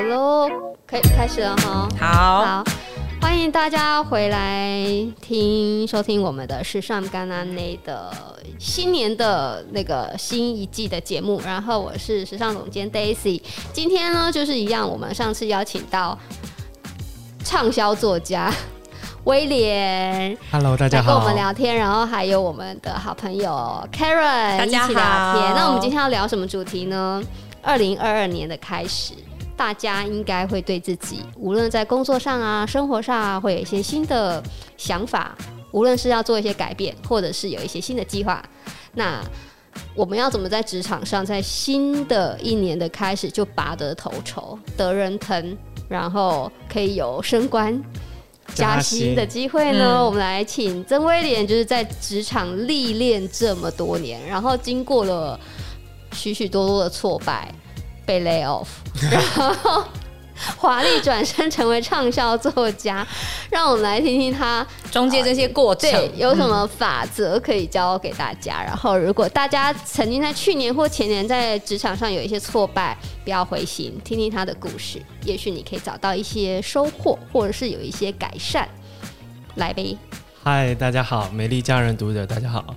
好嘍，可以開始了哈！好，好，歡迎大家回來聽收聽我們的時尚安內 an 的新年的那個新一季的節目。然後我是時尚總監 Daisy，今天呢就是一樣，我們上次邀請到暢銷作家威廉，Hello 大家好，跟我們聊天。然後還有我們的好朋友 Karen，大家好，一起聊天。那我們今天要聊什麼主題呢？二零二二年的開始。大家應該會對自己，無論在工作上啊、生活上，啊，會有一些新的想法，無論是要做一些改變，或者是有一些新的計劃。那我們要怎麼在職場上，在新的一年的開始就拔得頭籌、得人疼，然後可以有升官加薪的機會呢？嗯、我們來請曾威廉，就是在職場歷練這麼多年，然後經過了許許多多的挫敗。被 lay off，然後華麗轉身成為暢銷作家。 讓我們來聽聽他中間這些過程、呃、有什麼法則可以教給大家。嗯、然後，如果大家曾經在去年或前年在職場上有一些挫敗，不要灰心，聽聽他的故事，也許你可以找到一些收穫，或者是有一些改善，來唄。嗨，大家好，美麗佳人讀者，大家好。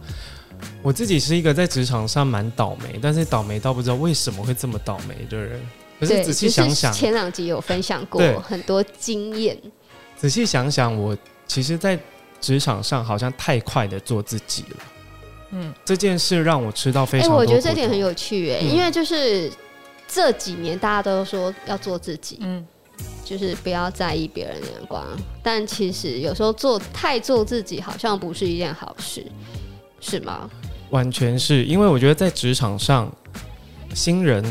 我自己是一個在職場上蠻倒霉，但是倒霉到不知道為什麼會這麼倒霉的人。可是仔細想想，就是、前兩集有分享過很多經驗。仔細想想，我其實，在職場上好像太快的做自己了。嗯，這件事讓我吃到非常多。哎、欸，我覺得這點很有趣，哎、嗯，因為就是這幾年大家都說要做自己，嗯，就是不要在意別人的眼光，但其實有時候做太做自己，好像不是一件好事，嗯、是嗎？完全是因為我覺得在職場上，新人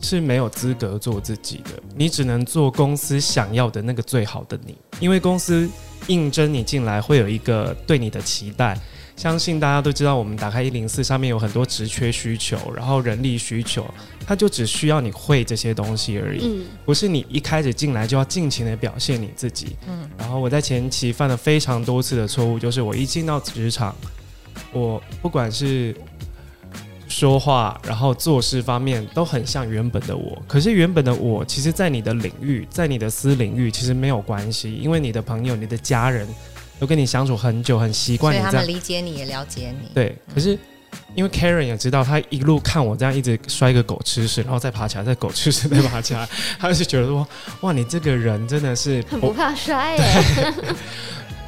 是沒有資格做自己的，你只能做公司想要的那個最好的你。因為公司應徵你進來會有一個對你的期待，相信大家都知道，我們打開一零四上面有很多職缺需求，然後人力需求，他就只需要你會這些東西而已，嗯，不是你一開始進來就要盡情的表現你自己。嗯，然後我在前期犯了非常多次的錯誤，就是我一進到職場。我不管是說話，然後做事方面，都很像原本的我。可是原本的我，其實，在你的領域，在你的私領域，其實沒有關係，因為你的朋友、你的家人，都跟你相處很久，很習慣你這樣，他們理解你也了解你。對，嗯、可是因為 Karen 也知道，他一路看我這樣一直摔個狗吃屎，然後再爬起來，再狗吃屎再爬起來，他就是 覺得說，哇，你這個人真的是不很不怕摔耶、欸。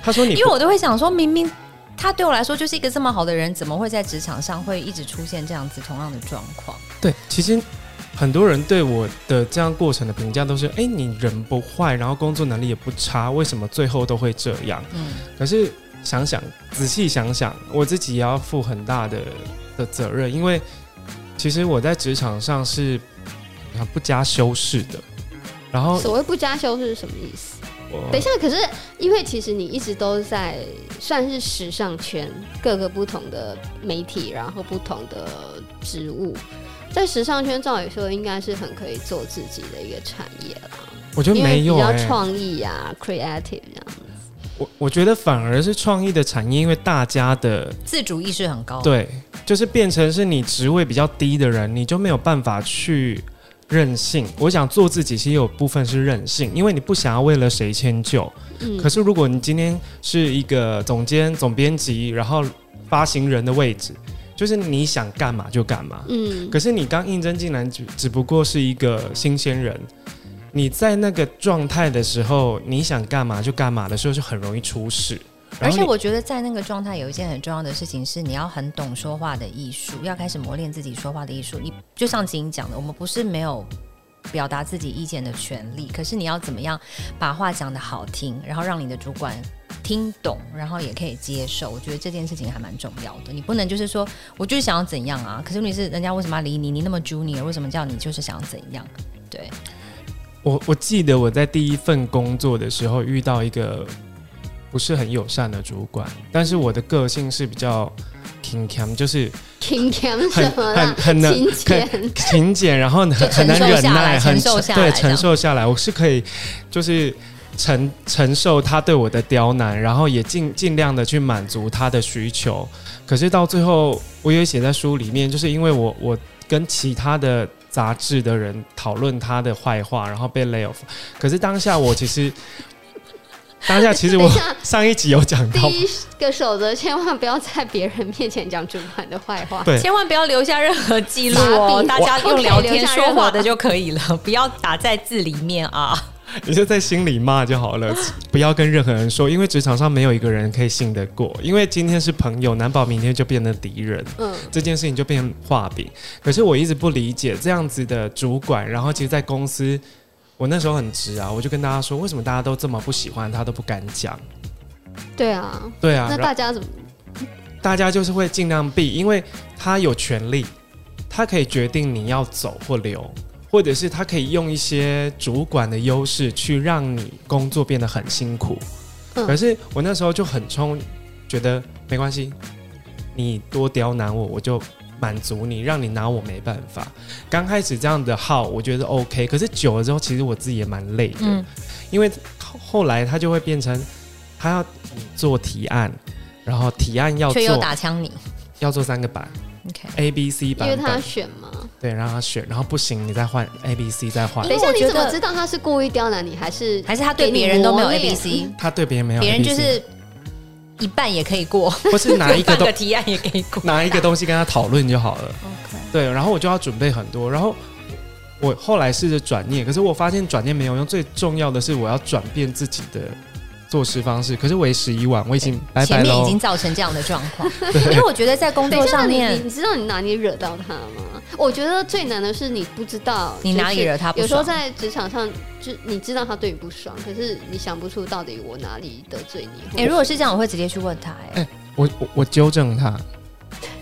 他 說你，因為我都會想說，明明。他對我來說就是一個這麼好的人，怎麼會在職場上會一直出現這樣子同樣的狀況？對，其實很多人對我的這樣過程的評價都是：哎、欸，你人不壞，然後工作能力也不差，為什麼最後都會這樣？嗯，可是想想，仔細想想，我自己也要負很大的的責任，因為其實我在職場上是不加修飾的。然後，所謂不加修飾是什麼意思？等一下，可是因為其實你一直都在算是時尚圈各個不同的媒體，然後不同的職務，在時尚圈照理說應該是很可以做自己的一個產業了。我覺得沒有、欸，比較創意啊，creative 這樣子。我我覺得反而是創意的產業，因為大家的自主意識很高。對，就是變成是你職位比較低的人，你就沒有辦法去。任性，我想做自己，其實有部分是任性，因為你不想要為了誰遷就。嗯，可是如果你今天是一個總監、總編輯，然後發行人的位置，就是你想幹嘛就幹嘛。嗯，可是你剛應徵進來，只只不過是一個新鮮人，你在那個狀態的時候，你想幹嘛就幹嘛的時候，就很容易出事。而且我覺得在那個狀態，有一件很重要的事情是，你要很懂說話的藝術，要開始磨練自己說話的藝術。你就像金晶講的，我們不是沒有表達自己意見的權利，可是你要怎麼樣把話講得好聽，然後讓你的主管聽懂，然後也可以接受。我覺得這件事情還蠻重要的，你不能就是說，我就是想要怎樣啊？可是你是人家為什麼要理你？你那麼 junior，為什麼叫你就是想要怎樣？對。我我記得我在第一份工作的時候遇到一個。不是很友善的主管，但是我的個性是比較挺強，就是挺強，很很很能很、很、緊緊緊緊，然後很能忍耐，很承對承受下來。我是可以，就是承承受他對我的刁難，然後也盡盡量的去滿足他的需求。可是到最後，我也寫在書裡面，就是因為我我跟其他的雜誌的人討論他的壞話，然後被 lay off。可是當下我其實。 當下其實我上一集有講到一第一個守則，千萬不要在別人面前講主管的壞話，對千萬不要留下任何記錄哦。斃大家用聊天說話的就可以了，哇不要打在字裡面啊。你就在心裡罵就好了，不要跟任何人說，因為職場上沒有一個人可以信得過，因為今天是朋友，難保明天就變成敵人。嗯，這件事情就變畫餅。可是我一直不理解這樣子的主管，然後其實，在公司。我那時候很直啊，我就跟大家說，為什麼大家都這麼不喜歡他都不敢講？對啊，對啊，那大家怎麼？大家就是會盡量避，因為他有權利，他可以決定你要走或留，或者是他可以用一些主管的優勢去讓你工作變得很辛苦。嗯。可是我那時候就很衝，覺得沒關係，你多刁難我，我就。滿足你，讓你拿我沒辦法。剛開始這樣的號，我覺得 OK。可是久了之後，其實我自己也蠻累的，嗯、因為後來他就會變成他要做提案，然後提案要做，打槍你，要做三個版，OK，A B C 版，因為他選嘛。對，讓他選，然後不行你再換 A B C，再換。等一下，你怎麼知道他是故意刁難你，還是還是他對別人都沒有 A B C，他對別人沒有 A B C。一半也可以過，不是拿一個， 一個提案也可以過，拿一個東西跟他討論就好了。Okay. 對，然後我就要準備很多，然後我後來試着轉念，可是我發現轉念沒有用。最重要的是，我要轉變自己的做事方式，可是為時已晚，我已經、欸、拜拜囉前面已經造成這樣的狀況，對因為我覺得在工作上面你，你知道你哪裡惹到他嗎？我覺得最難的是你不知道你哪裡惹他不，有時候在職場上就你知道他對你不爽，可是你想不出到底我哪裡得罪你。哎、欸，如果是這樣，我會直接去問他、欸。哎、欸，我我糾正他，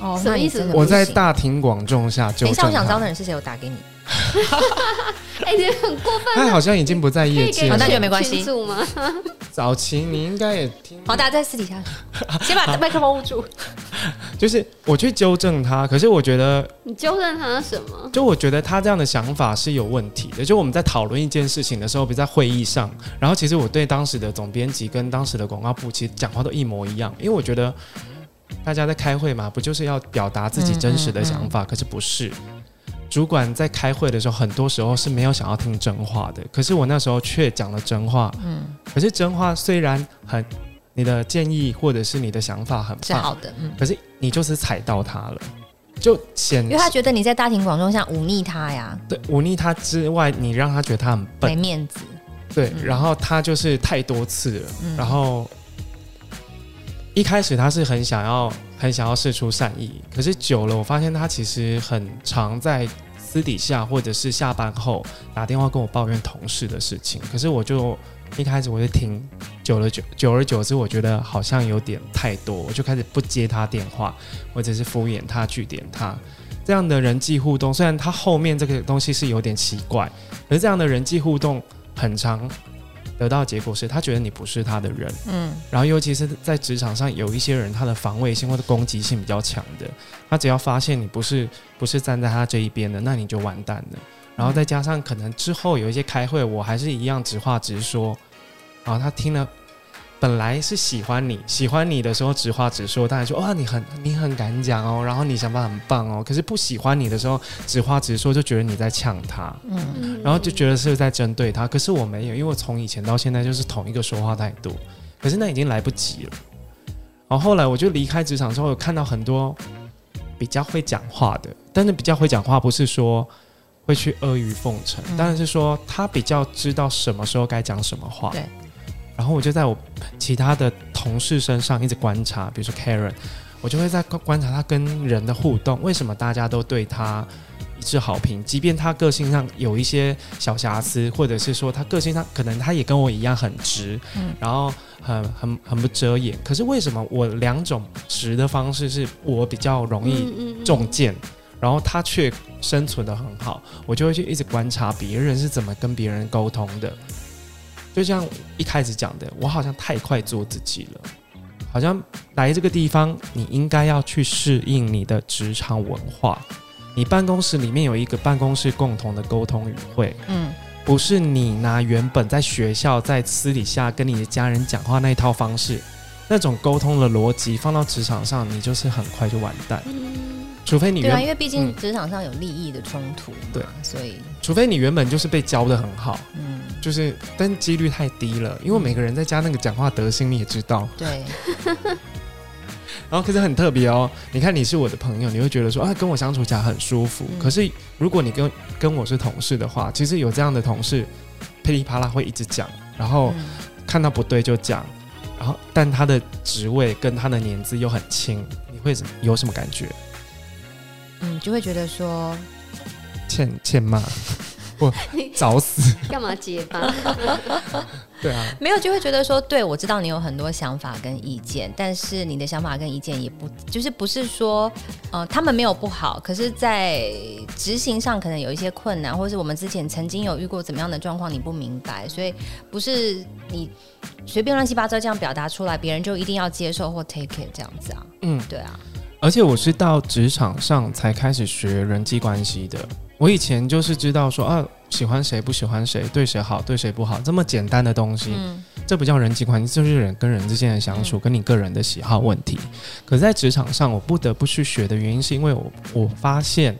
哦，什麼意思？我在大庭廣眾下糾正他等一下，欸、我想招的人是誰？我打給你。他已經很過分。他好像已經不在業界了。你哦、那就、個，沒關係。速 早期，你應該也聽。好，大家在私底下，先把麥克風捂住。就是我去糾正他，可是我覺得你糾正他什麼？就我覺得他這樣的想法是有問題的。就我們在討論一件事情的時候，比如在會議上，然後其實我對當時的總編輯跟當時的廣告部，其實講話都一模一樣。因為我覺得大家在開會嘛，不就是要表達自己真實的想法？嗯嗯嗯。可是不是。主管在開會的時候，很多時候是沒有想要聽真話的。可是我那時候卻講了真話。嗯。可是真話雖然很，你的建議或者是你的想法很不好的，嗯。可是你就是踩到他了，就顯，因為他覺得你在大庭廣眾下忤逆他呀。對，忤逆他之外，你讓他覺得他很笨，沒面子。對，嗯、然後他就是太多次了。嗯、然後一開始他是很想要、很想要釋出善意，可是久了，我發現他其實很常在。私底下或者是下班後打電話跟我抱怨同事的事情，可是我就一開始我就聽久了久，久而久之我覺得好像有點太多，我就開始不接他電話，或者是敷衍他、句點他。這樣的人際互動，雖然他後面這個東西是有點奇怪，可是這樣的人際互動很常。得到結果是他覺得你不是他的人，嗯，然後尤其是在職場上，有一些人他的防衛性或者攻擊性比較強的，他只要發現你不是不是站在他這一邊的，那你就完蛋了。然後再加上可能之後有一些開會，我還是一樣直話直說，然後他聽了。本來是喜歡你，喜歡你的時候直話直說，大家說哇，你很你很敢講哦，然後你想法很棒哦。可是不喜歡你的時候，直話直說就覺得你在嗆他，嗯，然後就覺得是在針對他。可是我沒有，因為我從以前到現在就是同一個說話態度。可是那已經來不及了。然後後來我就離開職場之後，有看到很多比較會講話的，但是比較會講話不是說會去阿諛奉承，當然是說他比較知道什麼時候該講什麼話。對。然後我就在我其他的同事身上一直觀察，比如說 Karen，我就會在觀觀察他跟人的互動，為什麼大家都對他一致好評？即便他個性上有一些小瑕疵，或者是說他個性上可能他也跟我一樣很直，嗯，然後很很很不遮掩。可是為什麼我兩種直的方式是我比較容易中箭，嗯嗯嗯，然後他卻生存得很好？我就會去一直觀察別人是怎麼跟別人溝通的。就像一開始講的，我好像太快做自己了，好像來這個地方，你應該要去適應你的職場文化。你辦公室裡面有一個辦公室共同的溝通語彙，嗯，不是你拿原本在學校、在私底下跟你的家人講話那一套方式，那種溝通的邏輯放到職場上，你就是很快就完蛋。嗯除非你原啊，因為畢竟職場上有利益的衝突，對、嗯，所以除非你原本就是被教得很好，嗯，就是，但幾率太低了，嗯、因為每個人在家那個講話德性你也知道，對， 然後可是很特別哦、喔，你看你是我的朋友，你會覺得說啊，跟我相處起來很舒服。嗯、可是如果你跟跟我是同事的話，其實有這樣的同事噼里啪啪啦會一直講，然後看到不對就講，然後、嗯、但他的職位跟他的年紀又很輕，你會有什麼感覺？嗯，就會覺得說，欠欠罵，不，找死幹嘛揭發？對啊，沒有就會覺得說對，對我知道你有很多想法跟意見，但是你的想法跟意見也不，就是不是說，呃，他們沒有不好，可是在執行上可能有一些困難，或是我們之前曾經有遇過怎麼樣的狀況，你不明白，所以不是你隨便亂七八糟這樣表達出來，別人就一定要接受或 take it 這樣子啊？嗯，對啊。而且我是到職場上才開始學人際關係的。我以前就是知道說啊，喜歡誰不喜歡誰，對誰好對誰不好，這麼簡單的東西。嗯，這不叫人際關係，就是人跟人之間的相處，跟你個人的喜好問題。可在職場上，我不得不去學的原因，是因為我我發現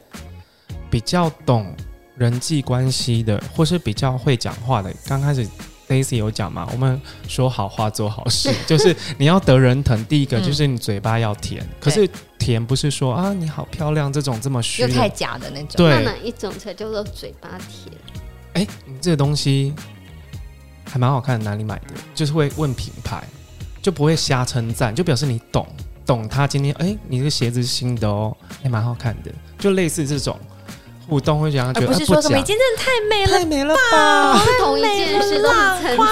比較懂人際關係的，或是比較會講話的，剛開始。Daisy 有講嘛，我們說好話做好事， 就是你要得人疼。第一個就是你嘴巴要甜，嗯、可是甜不是說對啊你好漂亮這種這麼虛又太假的那種。對，那哪一種才叫做嘴巴甜？哎、欸，你這個東西還蠻好看的，哪裡買的？就是會問品牌，就不會瞎稱讚，就表示你懂懂他。今天哎、欸，你的鞋子是新的哦，還、欸、蠻好看的，就類似這種。互動會這樣覺得，而不是說什麼“啊、已經真的太美，太美了吧”，不是同一件，是誇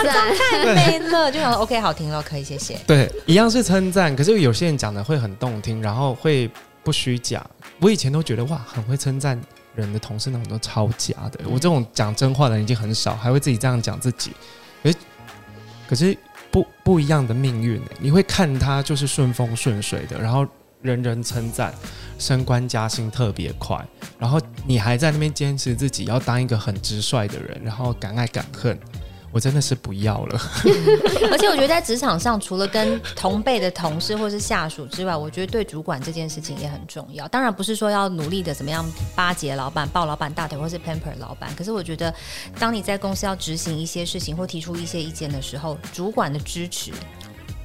張太美了，就想說 “OK，好聽嘍，可以，謝謝”。對，一樣是稱讚，可是有些人講的會很動聽，然後會不虛假。我以前都覺得哇，很會稱讚人的同事那種都超假的、欸。對我這種講真話的人已經很少，還會自己這樣講自己。可是，可是不不一樣的命運、欸、你會看他就是順風順水的，然後人人稱讚。升官加薪特別快，然後你還在那邊堅持自己要當一個很直率的人，然後敢愛敢恨，我真的是不要了。 而且我覺得在職場上，除了跟同輩的同事或是下屬之外，我覺得對主管這件事情也很重要。當然不是說要努力的怎麼樣巴結老闆、抱老闆大腿或是 Pamper 老闆，可是我覺得當你在公司要執行一些事情或提出一些意見的時候，主管的支持。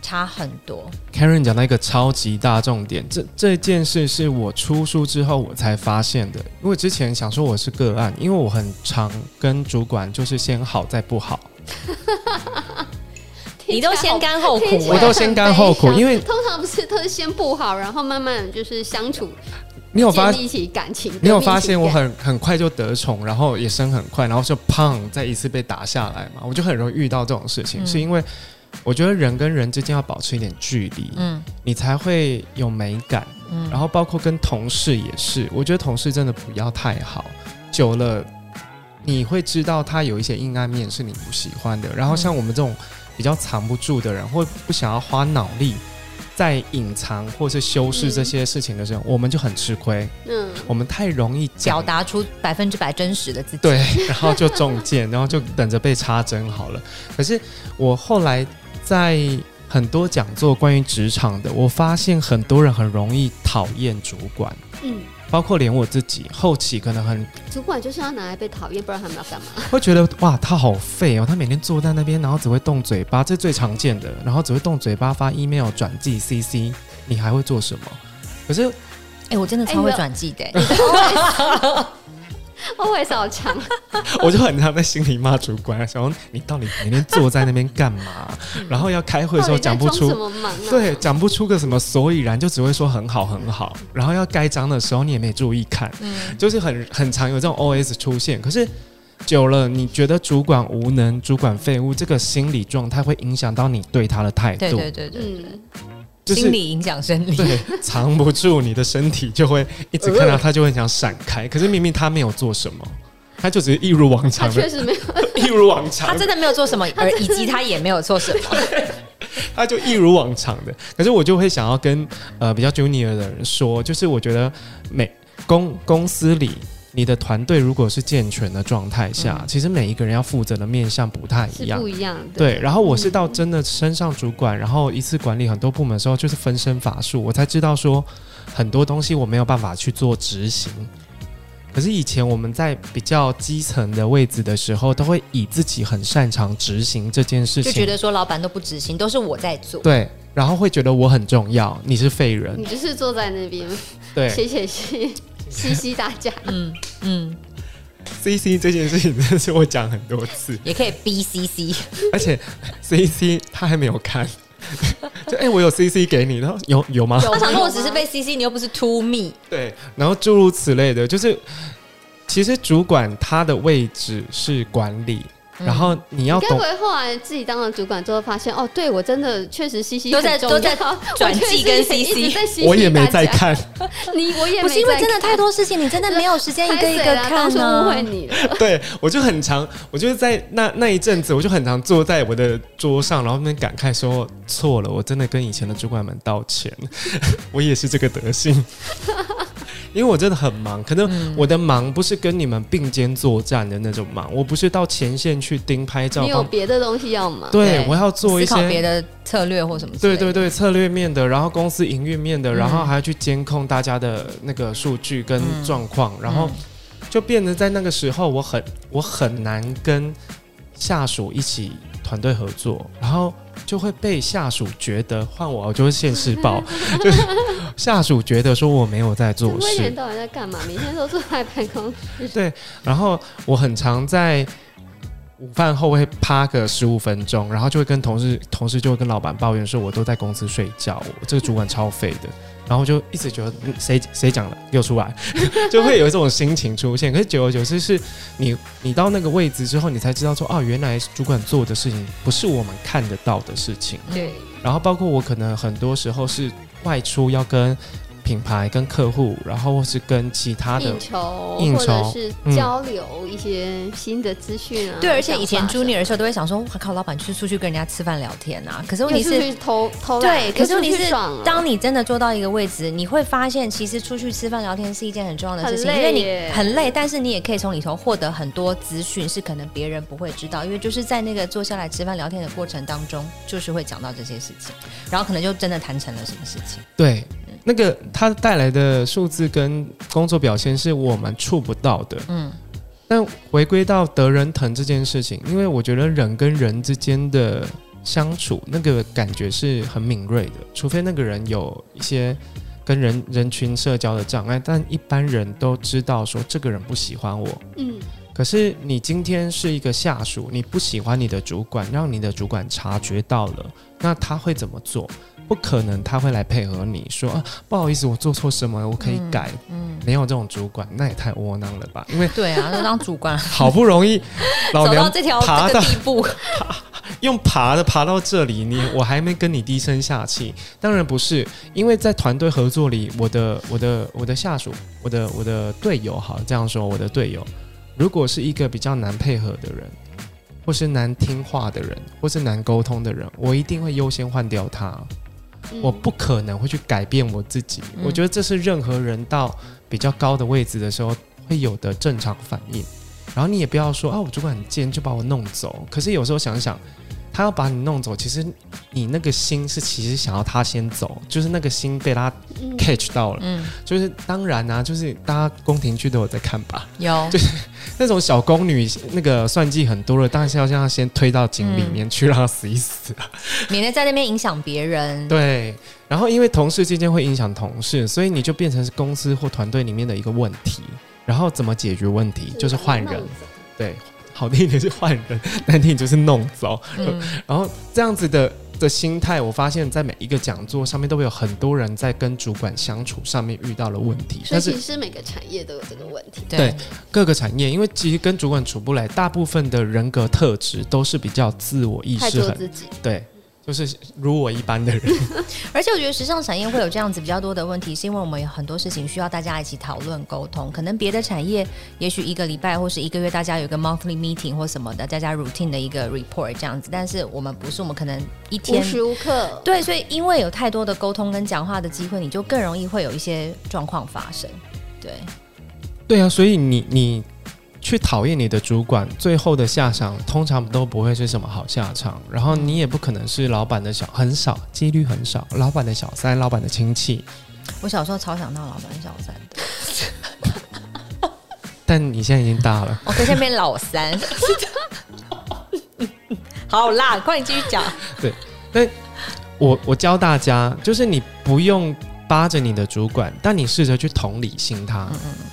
差很多。Karen 講到一個超級大重點，這這件事是我出書之後我才發現的。因為之前想說我是個案，因為我很常跟主管就是先好再不好， 你都先乾後苦，我都先乾後苦。因為通常不是都是先不好，然後慢慢就是相處，你有發、建立起感情，你有發現我很很快就得寵，然後也升很快，然後就啪、嗯、再一次被打下來嘛，我就很容易遇到這種事情，嗯、是因為。我覺得人跟人之間要保持一點距離，嗯，你才會有美感，嗯，然後包括跟同事也是，我覺得同事真的不要太好，久了你會知道他有一些陰暗面是你不喜歡的。然後像我們這種比較藏不住的人，會不想要花腦力在隱藏或是修飾這些事情的時候，嗯，我們就很吃虧，嗯，我們太容易表達出百分之百真實的自己，對，然後就中箭， 然後就等着被插針好了。可是我後來。在很多講座關於職場的，我發現很多人很容易討厭主管，嗯，包括連我自己後期可能很，主管就是要拿來被討厭，不然他們要幹嘛？會覺得哇，他好廢哦，他每天坐在那邊，然後只會動嘴巴，這是最常見的，然後只會動嘴巴發 email 轉寄 cc，你還會做什麼？可是，哎、欸，我真的超會轉寄的、欸。欸 no. OS 好強， 我就很常在心裡罵主管，想 說你到底每天坐在那邊幹嘛、啊？ 然後要開會的時候講不出，什麼啊、對，講不出個什麼所以然，就只會說很好很好。嗯、然後要蓋章的時候你也沒注意看，嗯，就是很很常有這種 OS 出現。可是久了，你覺得主管無能、主管廢物，這個心理狀態會影響到你對他的態度。對對，對對對對。嗯就是、心理影響身體，對，藏不住，你的身體就會一直看到他， 就會想閃開。可是明明他沒有做什麼，他就只是一如往常，的， 確實沒有，一如往常，他真的沒有做什麼，而以及他也沒有做什麼，他 就一如往常的。可是我就會想要跟呃比較 junior 的人說，就是我覺得每公公司裡。你的團隊如果是健全的狀態下，嗯、其實每一個人要負責的面向不太一樣，是不一樣的。對，然後我是到真的升上主管，嗯、然後一次管理很多部門的時候，就是分身乏術，我才知道說很多東西我沒有辦法去做執行。可是以前我們在比較基層的位置的時候，都會以自己很擅長執行這件事情，就覺得說老板都不執行，都是我在做。對，然後會覺得我很重要，你是廢人，你就是坐在那邊，對，寫寫信。嘻嘻，息息大家，嗯嗯，C C 這件事情真的是我講很多次，也可以 B C C，而且 C C 他還沒有看， 就、哎、欸、我有 C C 給你，然後有有嗎？他想說我只是被 C C，你又不是 to me，對，然後諸如此類的，就是其實主管他的位置是管理。嗯、然後你要跟為後來自己當了主管之後，發現哦，對我真的確實 CC 都在都在轉寄跟 CC 在 c 我也沒在看。 你我也 不是因為真的太多事情， 你真的沒有時間一個一個看呢、啊。對，我就很常，我就在那那一陣子，我就很常坐在我的桌上，然後那邊感慨說錯了，我真的跟以前的主管們道歉， 我也是這個德性。 因為我真的很忙，可能我的忙不是跟你們並肩作戰的那種忙，我不是到前線去盯拍照，你有別的東西要忙。對，對，我要做一些別的策略或什麼之類的。對對對，策略面的，然後公司營運面的，然後還要去監控大家的那個數據跟狀況，嗯，然後就變得在那個時候，我很我很難跟下屬一起。團隊合作，然後就會被下屬覺得，換我我就會現世報， 就是下屬覺得說我沒有在做事，每天都在幹嘛？每天都坐在辦公室。對，然後我很常在午飯後會趴個十五分鐘，然後就會跟同事，同事就會跟老闆抱怨說，我都在公司睡覺，我這個主管超廢的。 然後就一直覺得誰誰講了又出來，就會有一種心情出現。 可是久而久之，是你你到那個位置之後，你才知道說，啊，原來主管做的事情不是我們看得到的事情。對。然後包括我，可能很多時候是外出要跟。品牌跟客戶，然後或是跟其他的應酬，或者是交流一些新的資訊啊。嗯、對，而且以前 junior 的時候都會想說：“我靠，老板去出去跟人家吃飯聊天啊。”可是問題是，投投對，可是問題是了當你真的坐到一個位置，你會發現，其實出去吃飯聊天是一件很重要的事情，因為你很累，但是你也可以從裡頭獲得很多資訊，是可能別人不會知道。因為就是在那個坐下來吃飯聊天的過程當中，就是會講到這些事情，然後可能就真的談成了什麼事情。對。那個他帶來的數字跟工作表現是我們觸不到的。嗯，但回歸到得人疼這件事情，因為我覺得人跟人之間的相處，那個感覺是很敏銳的，除非那個人有一些跟人人群社交的障礙，但一般人都知道說這個人不喜歡我。嗯，可是你今天是一個下屬，你不喜歡你的主管，讓你的主管察覺到了，那他會怎麼做？不可能他會來配合你說，啊，不好意思我做錯什麼我可以改，嗯嗯，沒有這種主管，那也太窩囊了吧？因為對啊，那當主管好不容易老娘爬到走到這條這個地步爬，用爬的爬到這裡，你我還沒跟你低聲下氣。當然不是，因為在團隊合作裡，我的我的我的下屬，我的我的，我的隊友，好，這樣說，我的隊友如果是一個比較難配合的人，或是難聽話的人，或是難溝通的人，我一定會優先換掉他。嗯、我不可能會去改變我自己，嗯、我覺得這是任何人到比較高的位置的時候會有的正常反應。然後你也不要說啊，我主管很尖就把我弄走。可是有時候想一想。他要把你弄走，其實你那個心是其實想要他先走，就是那個心被他 catch 到了。嗯，嗯，就是當然啊，就是大家宮廷劇都有在看吧。有，就是那種小宮女那個算計很多了，但是要她先推到井裡面去，讓他死一死啊、嗯，免得在那邊影響別人。對，然後因為同事之間會影響同事，所以你就變成是公司或團隊裡面的一個問題。然後怎麼解決問題？就是換人，對。好的一點是換人，難聽就是弄糟。嗯、然後這樣子的的心態，我發現在每一個講座上面都會有很多人在跟主管相處上面遇到了問題。嗯、但是其實是每個產業都有這個問題。對，對，各個產業，因為其實跟主管處不來，大部分的人格特質都是比較自我意識很。自己對。就是如我一般的人， 而且我覺得時尚產業會有這樣子比較多的問題，是因為我們有很多事情需要大家一起討論溝通。可能別的產業也許一個禮拜或是一個月大家有個 monthly meeting 或什麼的，大家 routine 的一個 report 這樣子，但是我們不是，我們可能一天無時無刻，對，所以因為有太多的溝通跟講話的機會，你就更容易會有一些狀況發生。對，對啊，所以你你。去討厭你的主管，最後的下場通常都不會是什麼好下場。然後你也不可能是老闆的小，很少，幾率很少，老闆的小三、老闆的親戚。我小時候超想當老闆的小三的 但你現在已經大了，我現在變老三。 好啦，快點繼續講。對，那我我教大家，就是你不用扒着你的主管，但你試着去同理心他。嗯嗯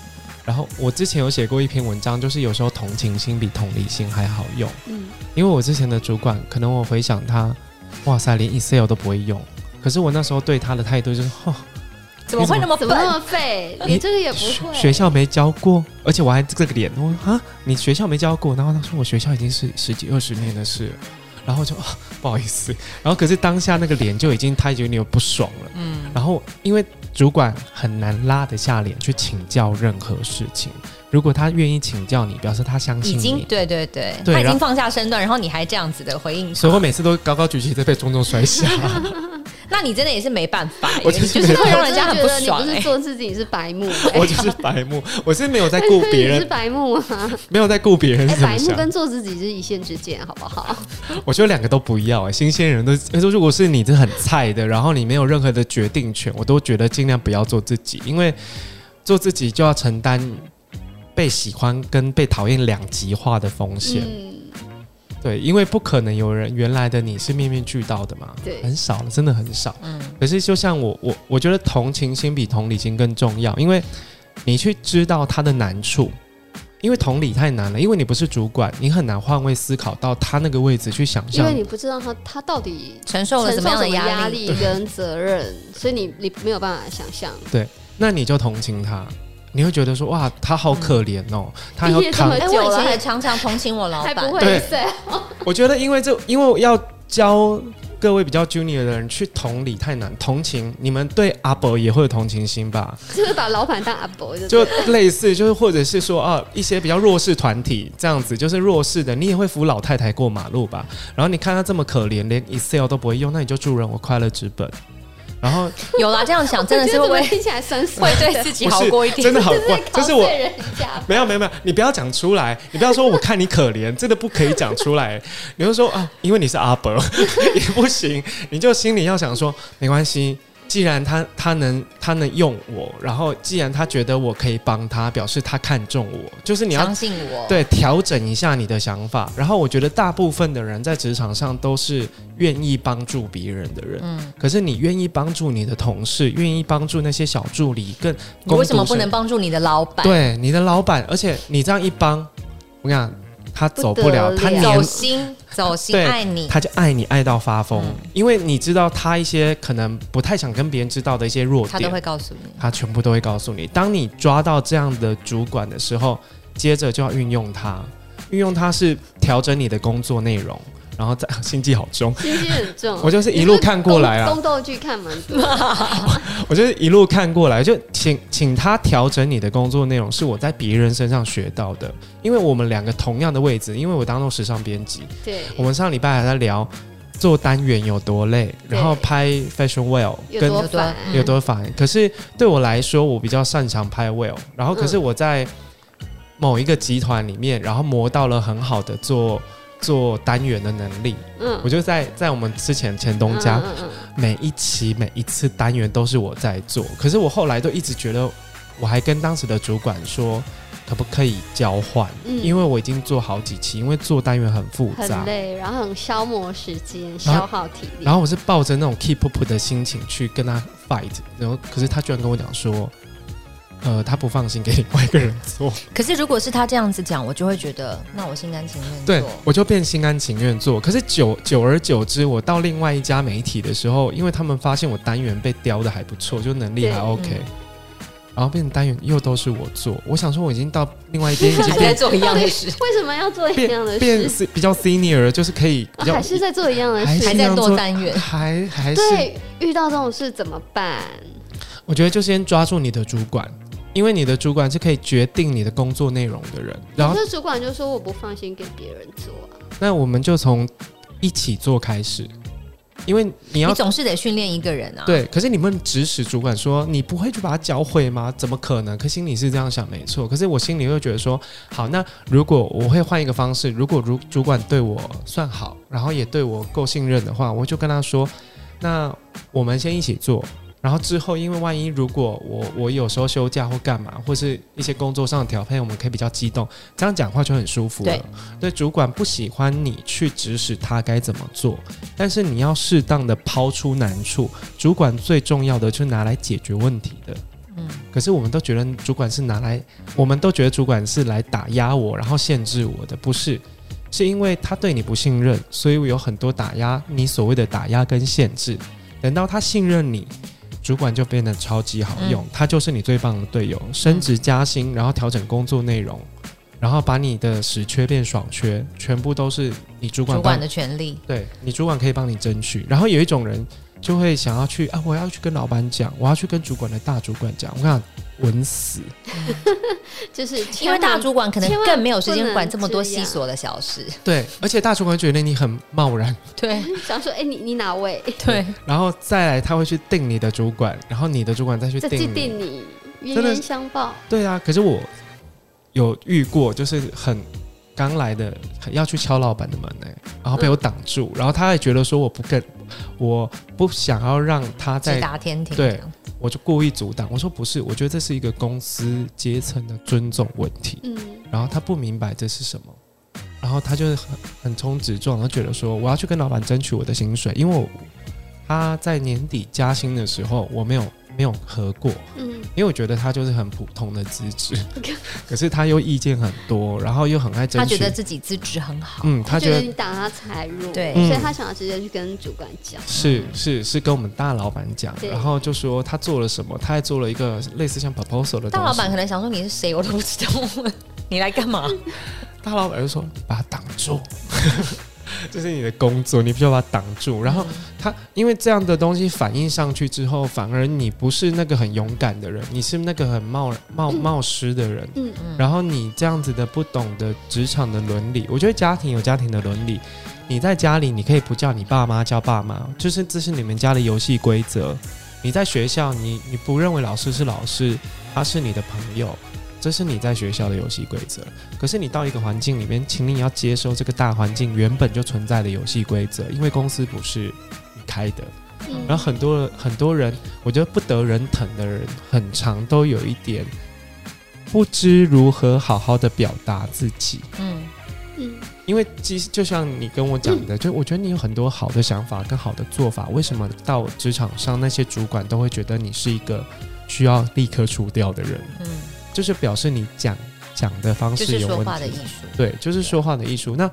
然後我之前有寫過一篇文章，就是有時候同情心比同理心還好用。嗯，因為我之前的主管，可能我回想他，哇塞，連 Excel 都不會用。可是我那時候對他的態度就是，怎麼會那麼你學怎麼那麼廢？連這個也不會學？學校沒教過？而且我還這個臉，我說啊，你學校沒教過？然後他說我學校已經是十幾二十年的事了，然後就不好意思。然後可是當下那個臉就已經開始有點不爽了。嗯，然後因為。主管很難拉得下臉去請教任何事情。如果他願意請教你，表示他相信你。已經，對對對，對他已經放下身段，然後，然後你還這樣子的回應，所以我每次都高高舉起，再被重重摔下。 那你真的也是沒辦法、欸，我就是會讓人家很不爽。是說我真的不是做自己，我是白目，是是白目欸，我就是白目，我是沒有在顧別人，你是白目啊，沒有在顧別人。欸，白目跟做自己是一線之間好不好？我覺得兩個都不要。欸，新鮮人都說、欸，如果是你，這很菜的，然後你沒有任何的決定權，我都覺得盡量不要做自己，因為做自己就要承擔被喜歡跟被討厭兩極化的風險。嗯對，因為不可能有人原來的你是面面俱到的嘛，對，很少了，真的很少。嗯，可是就像我，我我覺得同情心比同理心更重要，因為你去知道他的難處，因為同理太難了，因為你不是主管，你很難換位思考到他那個位置去想象因為你不知道他他到底承受承受什麼樣的壓力跟責任，對對所以你你沒有辦法想象。對，那你就同情他。你會覺得說哇，他好可憐哦，嗯、他要也久以前也常常同情我老闆。不會 Excel 對， 我覺得因為這，因為要教各位比較 junior 的人去同理太難，同情你們對阿伯也會有同情心吧？就是，是不是把老闆當阿伯，就類似，就是，或者是說啊，一些比較弱勢團體這樣子，就是弱勢的，你也會扶老太太過馬路吧？然後你看他這麼可憐，連 Excel 都不會用，那你就助人我快樂，之本。然後 有啦，這樣想真的是聽起來會對自己好過一點， 真的好過，就是我 沒有沒有沒有，你不要講出來，你不要說我看你可憐， 真的不可以講出來。你就說啊，因為你是阿伯 也不行，你就心裡要想說沒關係。既然他他能他能用我，然後既然他覺得我可以幫他，表示他看重我，就是你要相信我，對，調整一下你的想法。然後我覺得大部分的人在職場上都是願意幫助別人的人，嗯，可是你願意幫助你的同事，願意幫助那些小助理，更你為什麼不能幫助你的老闆？對，你的老闆，而且你這樣一幫，我跟你講。他走不了，他黏，走心，走心愛你，他就愛你愛到發瘋，嗯，因為你知道他一些可能不太想跟別人知道的一些弱點，他都會告訴你，他全部都會告訴你。當你抓到這樣的主管的時候，接着就要運用他，運用他是調整你的工作內容。然後心機好重，心機很重啊。 我就是一路看過來是是看啊，宮鬥劇看蠻多。我就是一路看過來，就請請他調整你的工作內容，是我在別人身上學到的。因為我們兩個同樣的位置，因為我當過時尚編輯。對。我們上禮拜還在聊做單元有多累，對然後拍 Fashion Well 跟有多煩。可是對我來說，我比較擅長拍 Well，然後可是我在某一個集團裡面，然後磨到了很好的做。做單元的能力，嗯，我就在在我們之前前東家，嗯嗯嗯、每一期每一次單元都是我在做，可是我後來都一直覺得，我還跟當時的主管說，可不可以交換？嗯、因為我已經做好幾期，因為做單元很複雜，很累，然後很消磨時間，消耗體力。然後，然後我是抱着那種 keep up 的心情去跟他 fight，然後可是他居然跟我講說。呃，他不放心給另外一個人做。可是，如果是他這樣子講，我就會覺得，那我心甘情願做，對，我就變心甘情願做。可是久，久久而久之，我到另外一家媒體的時候，因為他們發現我單元被雕得還不錯，就能力還 OK，，嗯，然後變成單元又都是我做。我想說，我已經到另外一邊做一樣的事，為什麼要做一樣的事？變，變比較 senior，就是可以還是在做一樣的事，還，樣還在做單元，還還是對遇到這種事怎麼辦？我覺得就先抓住你的主管。因為你的主管是可以決定你的工作內容的人，然後那主管就說我不放心給別人做啊，那我們就從一起做開始，因為你要你總是得訓練一個人啊。對，可是你不能指使主管說你不會去把他教會嗎？怎麼可能？可心裡是這樣想，沒錯。可是我心裡會覺得說，好，那如果我會換一個方式，如果如主管對我算好，然後也對我夠信任的話，我就跟他說，那我們先一起做。然後之後，因為萬一如果我我有時候休假或幹嘛，或是一些工作上的調配，我們可以比較激動，這樣講話就很舒服了。對，對主管不喜歡你去指使他該怎麼做，但是你要適當的拋出難處。主管最重要的就是拿來解決問題的。嗯，可是我們都覺得主管是拿來，我們都覺得主管是來打壓我，然後限制我的，不是，是因為他對你不信任，所以我有很多打壓你所謂的打壓跟限制。等到他信任你。主管就變得超級好用，嗯、他就是你最棒的隊友。升職加薪，然後調整工作內容，嗯、然後把你的屎缺變爽缺，全部都是你主管你主管的權利。對，你主管可以幫你爭取。然後有一種人就會想要去啊，我要去跟老闆講，我要去跟主管的大主管講。我看。穩死、嗯，就是因為大主管可能更沒有時間管這麼多細瑣的小事。對，而且大主管覺得你很貿然，對，想說哎、欸，你你哪位？對，對然後再來他會去定你的主管，然後你的主管再去定你，冤冤相報。對啊，可是我有遇過，就是很。剛來的要去敲老闆的門呢、欸，然後被我擋住，嗯，然後他也覺得說我不跟，我不想要讓他在打天庭，對我就故意阻擋，我說不是，我覺得這是一個公司階層的尊重問題，嗯，然後他不明白這是什麼，然後他就是很橫衝直撞，他覺得說我要去跟老闆爭取我的薪水，因為我他在年底加薪的時候我沒有。沒有合過，嗯，因為我覺得他就是很普通的資質，嗯、可是他又意見很多，然後又很愛爭，他覺得自己資質很好，嗯，他覺得你擋他財路，對，嗯、所以他想要直接去跟主管講，是是、嗯、是，是是跟我們大老闆講，對然後就說他做了什麼，他還做了一個類似像 proposal 的，大老闆可能想說你是誰，我都不知道問，你來幹嘛？ 大老闆就說把他擋住。 這是你的工作，你必須要把它擋住。然後他，因為這樣的東西反映上去之後，反而你不是那個很勇敢的人，你是那個很冒冒冒失的人。嗯嗯。然後你這樣子的不懂得職場的倫理，我覺得家庭有家庭的倫理。你在家裡你可以不叫你爸媽叫爸媽，就是這是你們家的遊戲規則。你在學校你，你你不認為老師是老師，他是你的朋友。這是你在學校的遊戲規則，可是你到一個環境裡面，請你要接受這個大環境原本就存在的遊戲規則，因為公司不是你開的。嗯。然後很多很多人，我覺得不得人疼的人，很常都有一點不知如何好好的表達自己。嗯嗯。嗯。因為其實就像你跟我講的，嗯。就我覺得你有很多好的想法跟好的做法，為什麼到職場上那些主管都會覺得你是一個需要立刻除掉的人？嗯。就是表示你講講的方式有問題。的對，就是說話的藝術。對那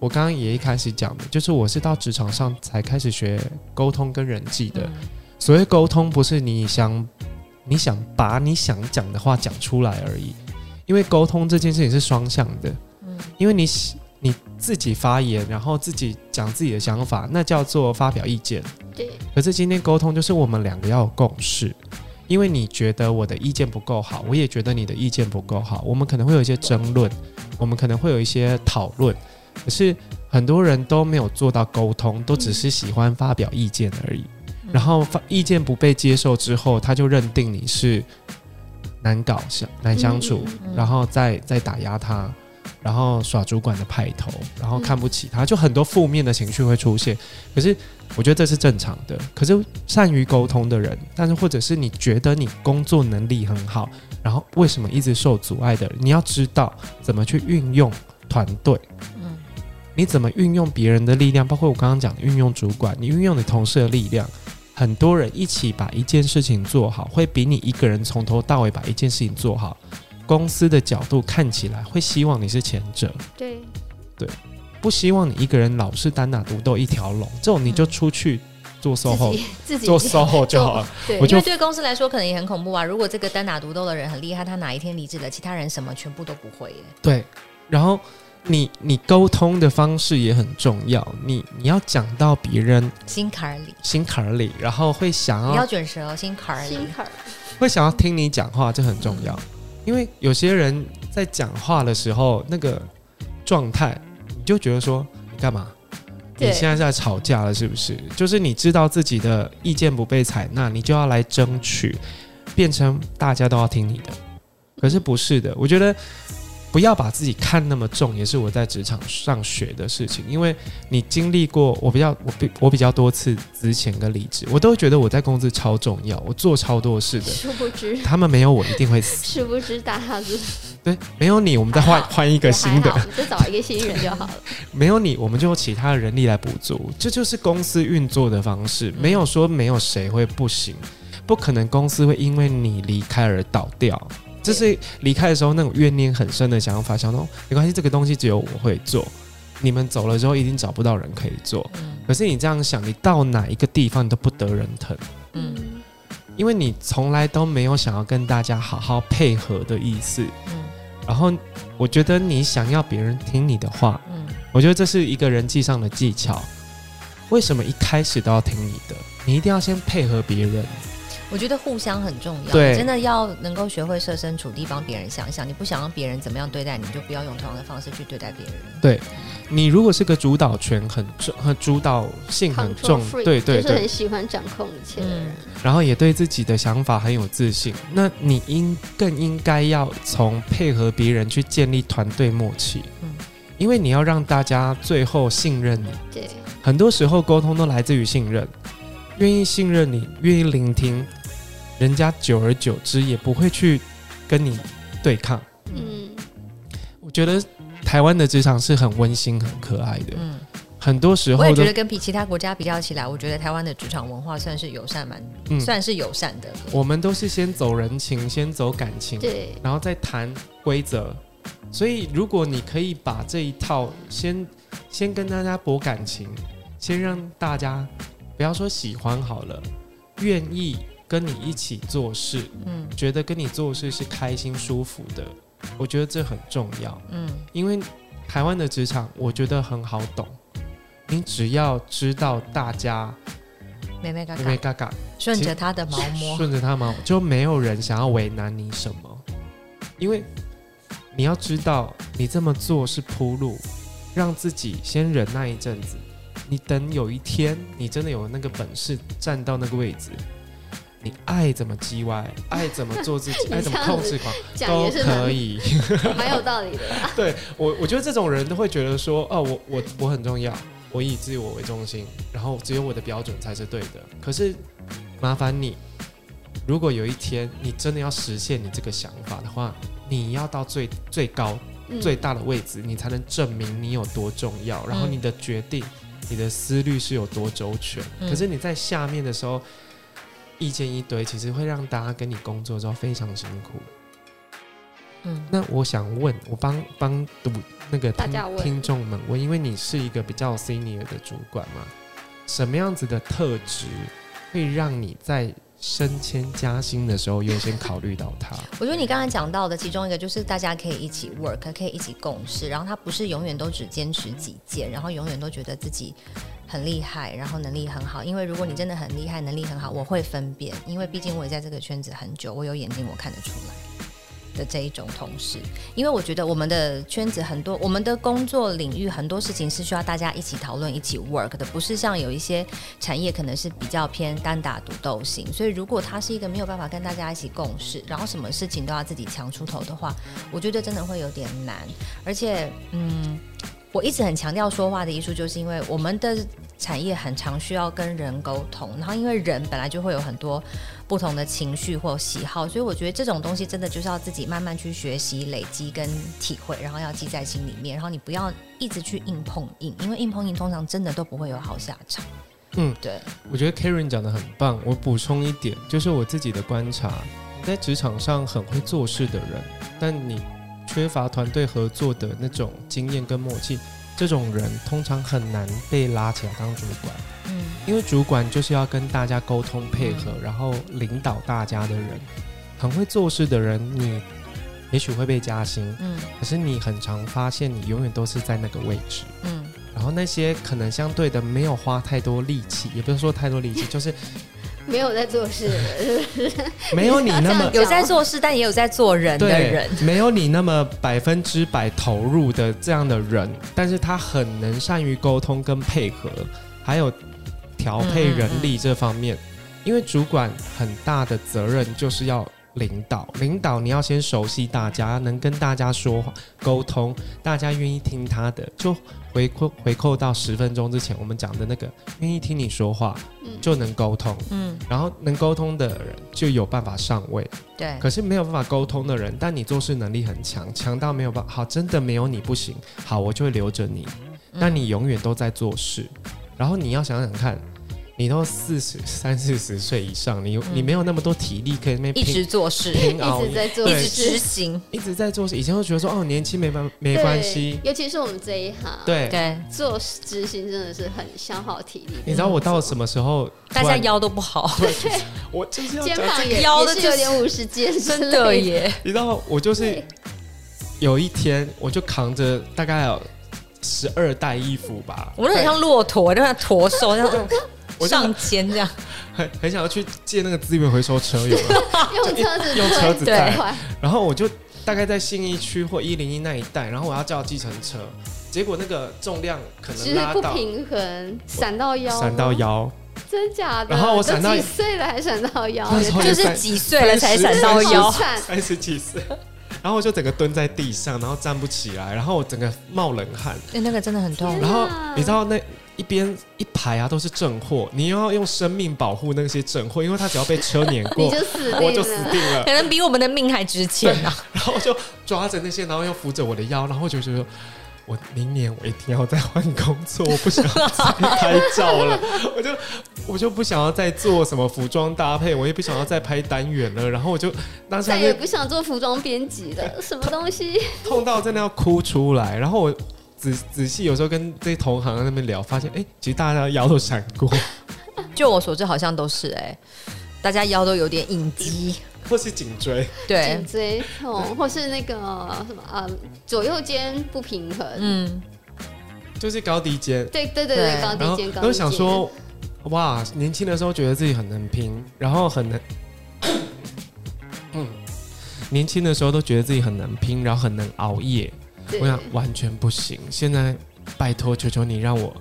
我剛剛也一開始講的，就是我是到職場上才開始學溝通跟人際的。嗯、所謂溝通，不是你想你想把你想講的話講出來而已，因為溝通這件事情是雙向的。嗯，因為你你自己發言，然後自己講自己的想法，那叫做發表意見。對。可是今天溝通就是我們兩個要有共識。因為你覺得我的意見不夠好，我也覺得你的意見不夠好，我們可能會有一些爭論，我們可能會有一些討論，可是很多人都沒有做到溝通，都只是喜歡發表意見而已，然後發意見不被接受之後，他就認定你是難搞，難相處，然後再再打壓他，然後耍主管的派頭，然後看不起他，就很多負面的情緒會出現，可是。我覺得這是正常的。可是善於溝通的人，但是或者是你覺得你工作能力很好，然後為什麼一直受阻礙的人？你要知道怎麼去運用團隊，嗯，你怎麼運用別人的力量？包括我剛剛講的運用主管，你運用你同事的力量，很多人一起把一件事情做好，會比你一個人從頭到尾把一件事情做好。公司的角度看起來會希望你是前者，對，對。不希望你一個人老是單打獨鬥一條龍，這種你就出去做 SOHO、嗯，自己，自己做 SOHO 就好了。對，我就，因為對公司來說可能也很恐怖啊。如果這個單打獨鬥的人很厲害，他哪一天離職了，其他人什麼全部都不會耶。對，然後你你溝通的方式也很重要，你你要講到別人心坎裡，心坎裡，然後會想要，你要捲舌哦，心坎裡，心坎裡，會想要聽你講話，這很重要。嗯、因為有些人在講話的時候那個狀態。就覺得說你幹嘛？你現在是在吵架了是不是？對就是你知道自己的意見不被採納，那你就要來爭取，變成大家都要聽你的。可是不是的，我覺得。不要把自己看那麼重，也是我在職場上學的事情。因為你經歷過我，我比較我比我比較多次資遣跟離職，我都覺得我在公司超重要，我做超多事的。殊不知他們沒有我一定會死，殊不知大哈子對，沒有你，我們再換換好一個新的，你就找一個新人就好了。 沒有你，我們就用其他人力來補足，這就是公司運作的方式。沒有說沒有誰會不行，嗯、不可能公司會因為你離開而倒掉。就是離開的時候，那種怨念很深的想法。想說沒關係，這個東西只有我會做，你們走了之後一定找不到人可以做。嗯、可是你這樣想，你到哪一個地方你都不得人疼，嗯、因為你從來都沒有想要跟大家好好配合的意思，嗯、然後我覺得你想要別人聽你的話，嗯、我覺得這是一個人際上的技巧。為什麼一開始都要聽你的？你一定要先配合別人。我覺得互相很重要，對你真的要能夠學會設身處地幫別人想一想，你不想讓別人怎麼樣對待你，你就不要用同樣的方式去對待別人。對，你如果是個主導權很重，和主導性很重，對對，就是很喜歡掌控一切的人，嗯、然後也對自己的想法很有自信，那你應更應該要從配合別人去建立團隊默契，嗯，因為你要讓大家最後信任你。對，很多時候溝通都來自於信任，願意信任你，願意聆聽。人家久而久之也不會去跟你對抗。嗯，我覺得台灣的職場是很溫馨、很可愛的。嗯，很多時候我也覺得跟比其他國家比較起來，我覺得台灣的職場文化算是友善，蠻、嗯、算是友善的。我們都是先走人情，先走感情，對，然後再談規則。所以，如果你可以把這一套先先跟大家博感情，先讓大家不要說喜歡好了，願意。跟你一起做事，嗯，覺得跟你做事是開心舒服的，嗯，我覺得這很重要，嗯，因為台灣的職場，我覺得很好懂。你只要知道大家，順着他的毛摸，順着他毛，就沒有人想要為難你什麼。因為你要知道，你這麼做是鋪路，讓自己先忍耐一陣子。你等有一天，你真的有那個本事，站到那個位置。你愛怎麼嘰歪，愛怎麼做自己， 樣愛怎麼控制狂， 都可以，蠻有道理的。對我，我覺得這種人都會覺得說，哦，我我我很重要，我以自我為中心，然後只有我的標準才是對的。可是，麻煩你，如果有一天你真的要實現你這個想法的話，你要到最最高最大的位置，你才能證明你有多重要，嗯、然後你的決定、你的思慮是有多周全。嗯、可是你在下面的時候。意見一,一堆，其實會讓大家跟你工作之後非常辛苦。嗯，那我想問，我幫幫讀那個聽,聽眾們問，我因為你是一個比較 senior 的主管嘛，什麼樣子的特質會讓你在升遷加薪的時候優先考慮到他？ 我覺得你剛才講到的其中一個就是，大家可以一起 work，可以一起共事，然後他不是永遠都只堅持己見，然後永遠都覺得自己。很厲害，然後能力很好，因為如果你真的很厲害，能力很好，我會分辨，因為畢竟我也在這個圈子很久，我有眼睛，我看得出來的這一種同事。因為我覺得我們的圈子很多，我們的工作領域很多事情是需要大家一起討論、一起 work 的，不是像有一些產業可能是比較偏單打獨鬥型。所以如果他是一個沒有辦法跟大家一起共事，然後什麼事情都要自己強出頭的話，我覺得真的會有點難。而且，嗯。我一直很強調說話的藝術，就是因為我們的產業很常需要跟人溝通，然後因為人本來就會有很多不同的情緒或喜好，所以我覺得這種東西真的就是要自己慢慢去學習、累積跟體會，然後要記在心裡面，然後你不要一直去硬碰硬，因為硬碰硬通常真的都不會有好下場。嗯，對，我覺得 Karen 講的很棒，我補充一點，就是我自己的觀察，在職場上很會做事的人，但你。缺乏團隊合作的那種經驗跟默契，這種人通常很難被拉起來當主管。嗯，因為主管就是要跟大家溝通配合，嗯、然後領導大家的人。很會做事的人，你也許會被加薪，嗯，可是你很常發現你永遠都是在那個位置，嗯。然後那些可能相對的沒有花太多力氣，也不是說太多力氣，就是。沒有在做事，沒有你那麼有在做事，但也有在做人的人，沒有你那麼百分之百投入的這樣的人，但是他很能善於溝通跟配合，還有調配人力這方面，嗯嗯、因為主管很大的責任就是要。領導，領導，你要先熟悉大家，能跟大家說話溝通，大家願意聽他的，就回扣回扣到十分鐘之前我們講的那個，願意聽你說話，就能溝通，嗯，然後能溝通的人就有辦法上位，對，可是沒有辦法溝通的人，但你做事能力很強，強到沒有辦法，好，真的沒有你不行，好，我就會留着你，嗯，但你永遠都在做事，然後你要想想看。你都四十三、四十歲以上，你你沒有那麼多體力可以一直做事，一直在做，一直執行，一直在做事。以前都覺得說哦，年輕沒辦沒關係，尤其是我們這一行，對對，做事執行真的是很消耗體力。你知道我到什麼時候？大家腰都不好，我就是腰都有點五十肩，真的耶。你知道我就是有一天，我就扛着大概有十二袋衣服吧，我們很像駱駝，就像駝手一樣。上千這樣，很很想要去借那個資源回收車，用車子用車子開。然後我就大概在信義區或一零一那一帶，然後我要叫計程車，結果那個重量可能其實不平衡，閃到腰，閃到腰，真假的？然後我閃到，都幾歲了，還閃到腰，就是幾歲了才閃到腰，三十幾歲。然後我就整個蹲在地上，然後站不起來，然後我整個冒冷汗。哎，那個真的很痛。然後你知道那？一邊一排啊，都是正貨，你要用生命保護那些正貨，因為他只要被車碾過，就死了，我就死定了，可能比我們的命還值錢啊，然後就抓着那些，然後又扶着我的腰，然後就覺得我明年我一定要再換工作，我不想再拍照了， 我就我就不想要再做什麼服裝搭配，我也不想要再拍單元了，然後我就當時再也不想做服裝編輯了，什麼東西痛到真的要哭出來，然後我。仔仔細有時候跟這些同行在那邊聊，發現哎、欸，其實大家的腰都閃過。 就我所知，好像都是哎、欸，大家腰都有點隱疾，或是頸椎，對，頸椎哦，或是那個什麼啊，左右肩不平衡，嗯，就是高低肩，對，對對對，對高低肩。都想說，哇，年輕的時候覺得自己很能拼，然後很能， 嗯，年輕的時候都覺得自己很能拼，然後很能熬夜。對我想完全不行，現在拜託，求求你讓我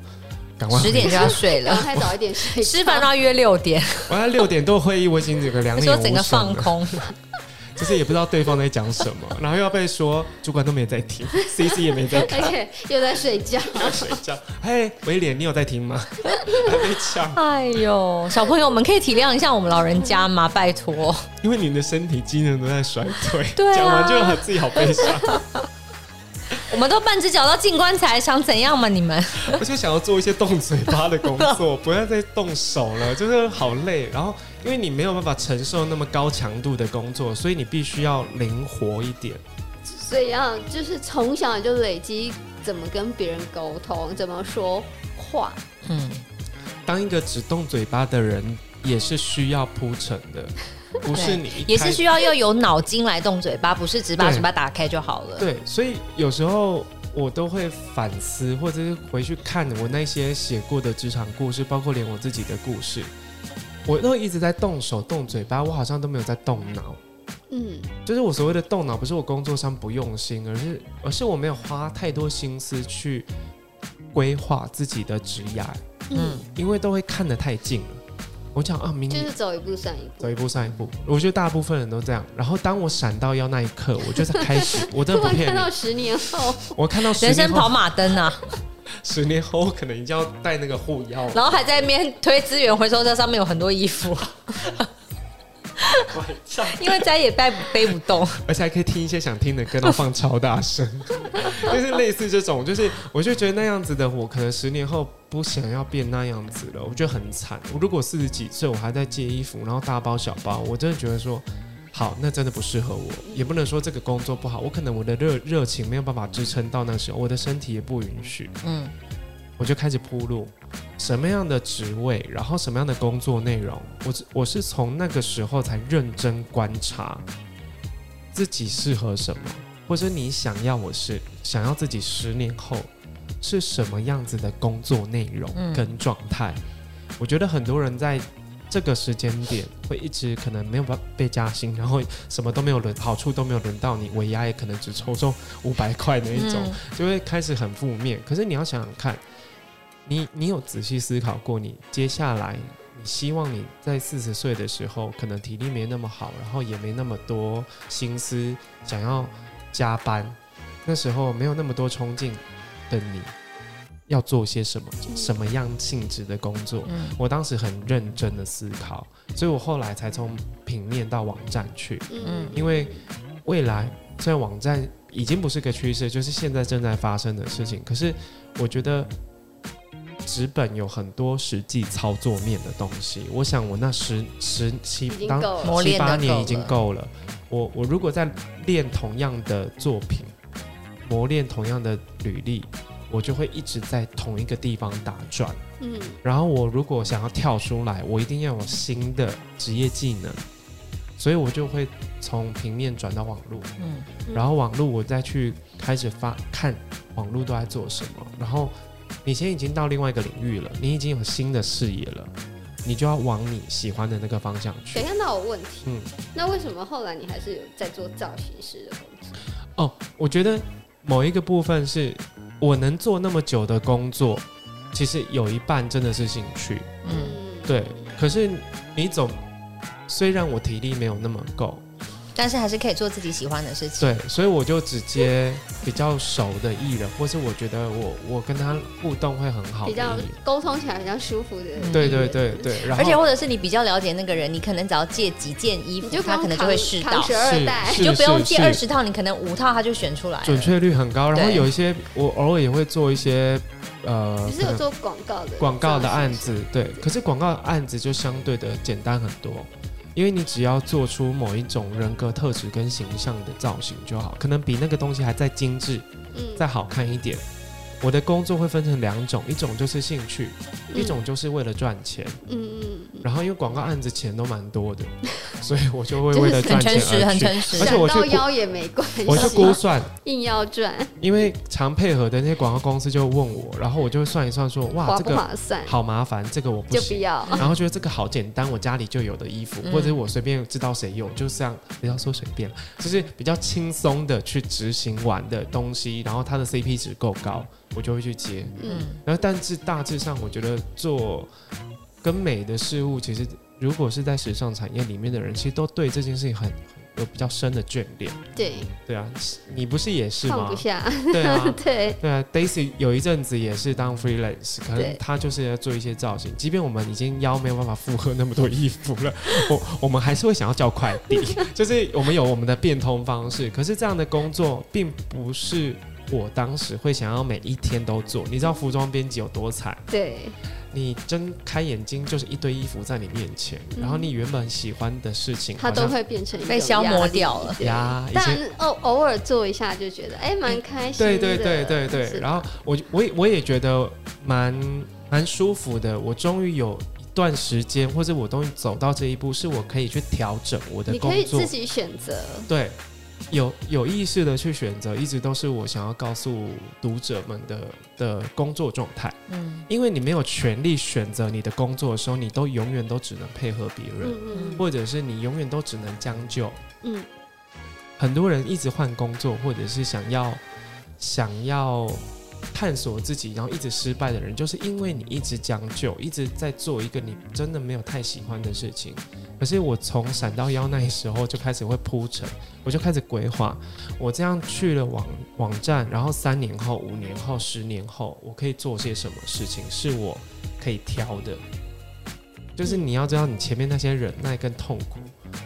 趕快十點就要睡了，太我早一點吃飯都要約六點，我要六點多會議，我已經整個兩眼無神，就是也不知道對方在講什麼，然後又要被說主管都沒有在聽，CC 也沒在看，而且又在睡覺，又睡覺。嘿，威廉，你有在聽嗎？還在講。哎呦，小朋友，我們可以體諒一下我們老人家嗎？拜託，嗯、因為你的身體機能都在衰退，講、啊、完就很自己好悲傷。 我們都半隻腳都進棺材，想怎樣嘛，你們？而且想要做一些動嘴巴的工作， 不要再動手了，就是好累。然後，因為你沒有辦法承受那麼高強度的工作，所以你必須要靈活一點。所以啊，就是從小就累積怎麼跟別人溝通，怎麼說話。嗯，當一個只動嘴巴的人，也是需要鋪陳的。不是你，欸、也是需要要有腦筋來動嘴巴，不是只把嘴巴打開就好了對。對，所以有時候我都會反思，或者是回去看我那些寫過的職場故事，包括連我自己的故事，我都一直在動手動嘴巴，我好像都沒有在動腦。嗯，就是我所謂的動腦，不是我工作上不用心，而是而是我沒有花太多心思去規劃自己的職涯。嗯，因為都會看得太近了。我講啊，明天就是走一步算一步，走一步算一步。我覺得大部分人都這樣。然後當我閃到腰那一刻，我就在開始， 我真的不騙你，我看到十年後，我看到十年後人生跑馬燈啊！十年後我可能就要戴那個護腰，然後還在那邊推資源回收車，上面有很多衣服。 因為摘也摘不背不動， 而且還可以聽一些想聽的歌，然後放超大聲， 就是類似這種，就是我就覺得那樣子的我，可能十年後不想要變那樣子了，我覺得很慘。我如果四十幾歲，我還在借衣服，然後大包小包，我真的覺得說，好，那真的不適合我，也不能說這個工作不好，我可能我的熱熱情沒有辦法支撐到那時候，我的身體也不允許，嗯。我就開始鋪路，什麼樣的職位，然後什麼樣的工作內容，我是我是從那個時候才認真觀察自己適合什麼，或者你想要我是想要自己十年後是什麼樣子的工作內容跟狀態。嗯、我覺得很多人在這個時間點會一直可能沒有辦法被加薪，然後什麼都沒有輪，好處都沒有輪到你，尾牙也可能只抽中五百塊那一種，嗯、就會開始很負面。可是你要想想看。你你有仔細思考過，你接下來你希望你在四十歲的時候，可能體力沒那麼好，然後也沒那麼多心思想要加班，那時候沒有那麼多衝勁的你，要做些什麼？嗯、什麼樣性質的工作？嗯、我當時很認真的思考，所以我後來才從平面到網站去。嗯，因為未來雖然網站已經不是個趨勢，就是現在正在發生的事情，嗯、可是我覺得。紙本有很多實際操作面的東西，我想我那十十七當七八年已經夠了。夠了，我我如果在練同樣的作品，磨練同樣的履歷，我就會一直在同一個地方打轉。嗯，然後我如果想要跳出來，我一定要有新的職業技能，所以我就會從平面轉到網路。嗯，然後網路我再去開始發看網路都在做什麼，然後。你現在已經到另外一個領域了，你已經有新的視野了，你就要往你喜歡的那個方向去。誰看到我問題？嗯，那為什麼後來你還是有在做造型師的工作？哦，我覺得某一個部分是我能做那麼久的工作，其實有一半真的是興趣。嗯，對。可是你總雖然我體力沒有那麼夠。但是還是可以做自己喜歡的事情。對，所以我就直接比較熟的藝人，或是我覺得我我跟他互動會很好，比較溝通起來比較舒服的人。嗯。對對對對。而且或者是你比較了解那個人，你可能只要借幾件衣服，就剛剛他可能就會試到，十二代你就不用借二十套，是你可能五套他就選出來，準確率很高。然後有一些我偶爾也會做一些呃，只是有做廣告的廣告的案子，對，可是廣告的案子就相對的簡單很多。因為你只要做出某一種人格特質跟形象的造型就好，可能比那個東西還再精致，嗯，再好看一點。我的工作會分成兩種，一種就是興趣，嗯、一種就是為了賺錢。嗯嗯。然後因為廣告案子錢都蠻多的，嗯、所以我就會為了賺錢而去，很實很實而且我到腰也沒關係。我就估算硬要賺，因為常配合的那些廣告公司就問我，然後我就算一算說，說哇這個好麻煩，這個我不需要。然後覺得這個好簡單，我家裡就有的衣服，嗯、或者我隨便知道誰有，就這樣不要說隨便了，就是比較輕鬆的去執行完的東西，然後它的 CP 值夠高。我就會去接，嗯，然後但是大致上，我覺得做跟美的事物，其實如果是在時尚產業裡面的人，其實都對這件事情很，很有比較深的眷戀。對，對啊，你不是也是嗎？放不下對嗎？對對啊， 對啊，Daisy 有一陣子也是當 freelance，可能他就是要做一些造型，即便我們已經腰沒有辦法負荷那麼多衣服了， 我我們還是會想要叫快遞， 就是我們有我們的變通方式。可是這樣的工作並不是。我當時會想要每一天都做，你知道服裝編輯有多慘？對，你睜開眼睛就是一堆衣服在你面前，嗯、然後你原本喜歡的事情，它都會變成被消磨掉了。呀，但以前、喔、偶偶爾做一下就覺得哎，蠻、欸、開心的。對對對對對。是的。然後我我我也覺得蠻蠻舒服的，我終於有一段時間，或者我終於走到這一步，是我可以去調整我的工作，你可以自己選擇。對。有有意識的去選擇，一直都是我想要告訴讀者們的的工作狀態。嗯，因為你沒有權利選擇你的工作的時候，你都永遠都只能配合別人，嗯嗯，或者是你永遠都只能將就。嗯，很多人一直換工作，或者是想要想要。探索自己，然後一直失敗的人，就是因為你一直將就，一直在做一個你真的沒有太喜歡的事情。可是我從閃到腰那時候就開始會鋪陳，我就開始規劃，我這樣去了網網站，然後三年後、五年後、十年後，我可以做些什麼事情，是我可以挑的。就是你要知道，你前面那些忍耐跟痛苦，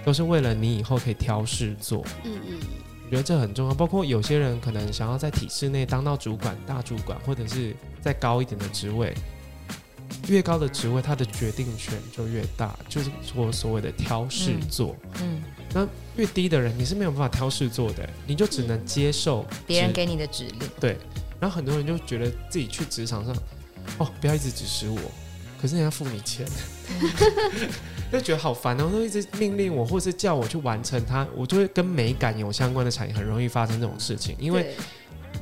都是為了你以後可以挑事做。嗯嗯。我覺得這很重要，包括有些人可能想要在體制內當到主管、大主管，或者是再高一點的職位。越高的職位，他的決定權就越大，就是我所謂的挑事做嗯。嗯，那越低的人，你是沒有辦法挑事做的，你就只能接受別人給你的指令。對，然後很多人就覺得自己去職場上，哦，不要一直指使我。可是人家付你錢， 就覺得好煩哦！然後都一直命令我，或者是叫我去完成他，我就會跟美感有相關的產業很容易發生這種事情，因為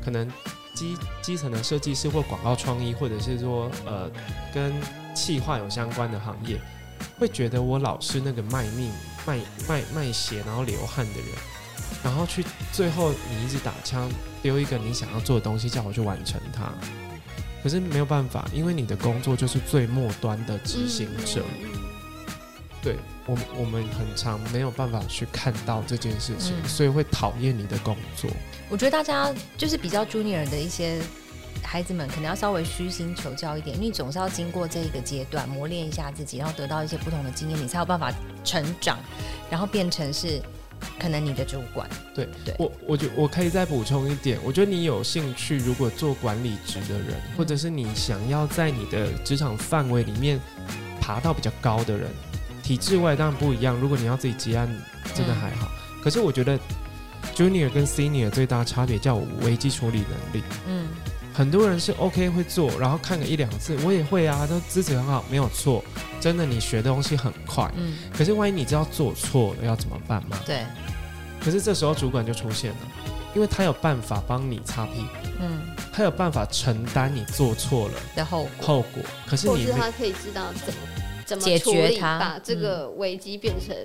可能基基層的設計師或廣告創意，或者是說呃跟企劃有相關的行業，會覺得我老是那個賣命、賣賣賣血，然後流汗的人，然後去最後你一直打槍丟一個你想要做的東西，叫我去完成它。可是沒有辦法，因為你的工作就是最末端的執行者，嗯、對我們我們很常沒有辦法去看到這件事情，嗯、所以會討厭你的工作。我覺得大家就是比較 junior 的一些孩子們，可能要稍微虛心求教一點，因為你總是要經過這一個階段磨練一下自己，然後得到一些不同的經驗，你才有辦法成長，然後變成是。可能你的主管對對我，我就我可以再補充一點。我覺得你有興趣，如果做管理職的人，嗯、或者是你想要在你的職場範圍裡面爬到比較高的人，體制外當然不一樣。如果你要自己接案，真的還好。嗯、可是我覺得 junior 跟 senior 最大差別叫我危機處理能力。嗯。很多人是 OK 會做，然後看個一兩次，我也會啊，都資質很好，沒有錯，真的你學的東西很快。嗯。可是萬一你知道做錯了要怎麼辦嗎？對。可是這時候主管就出現了，因為他有辦法幫你擦屁股。嗯。他有辦法承擔你做錯了的後果。後果。可是你。或是他可以知道怎麼，怎麼解決它，把這個危機變成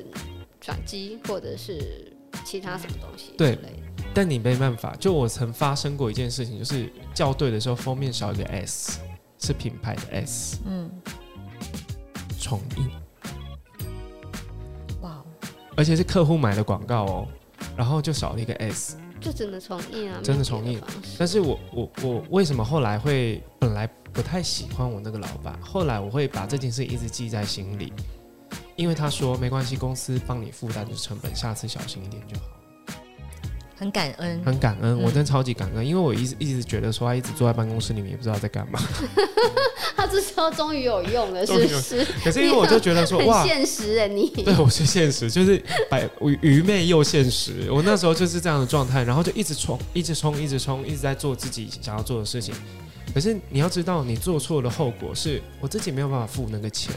轉機，嗯、或者是其他什麼東西之類的。對。但你沒辦法，就我曾發生過一件事情，就是校對的時候封面少一個 S，是品牌的 S，嗯，重印。哇，而且是客戶買的廣告哦，然後就少了一個 S，就只能重印啊，真的重印。但是我我我為什麼後來會本來不太喜歡我那個老闆，後來我會把這件事一直記在心裡，因為他說沒關係，公司幫你負擔的成本，下次小心一點就好。很感恩，很感恩，我真的超級感恩，嗯、因為我一直一直覺得說，他一直坐在辦公室裡面也不知道在幹嘛。 他這時候終於有用了，是不是。是可是因為我就覺得說，常哇，現實啊、欸，你對，我是現實，就是白愚昧又現實。 我那時候就是這樣的狀態，然後就一直衝，一直衝，一直衝，一直在做自己想要做的事情。可是你要知道，你做錯的後果是我自己沒有辦法付那個錢，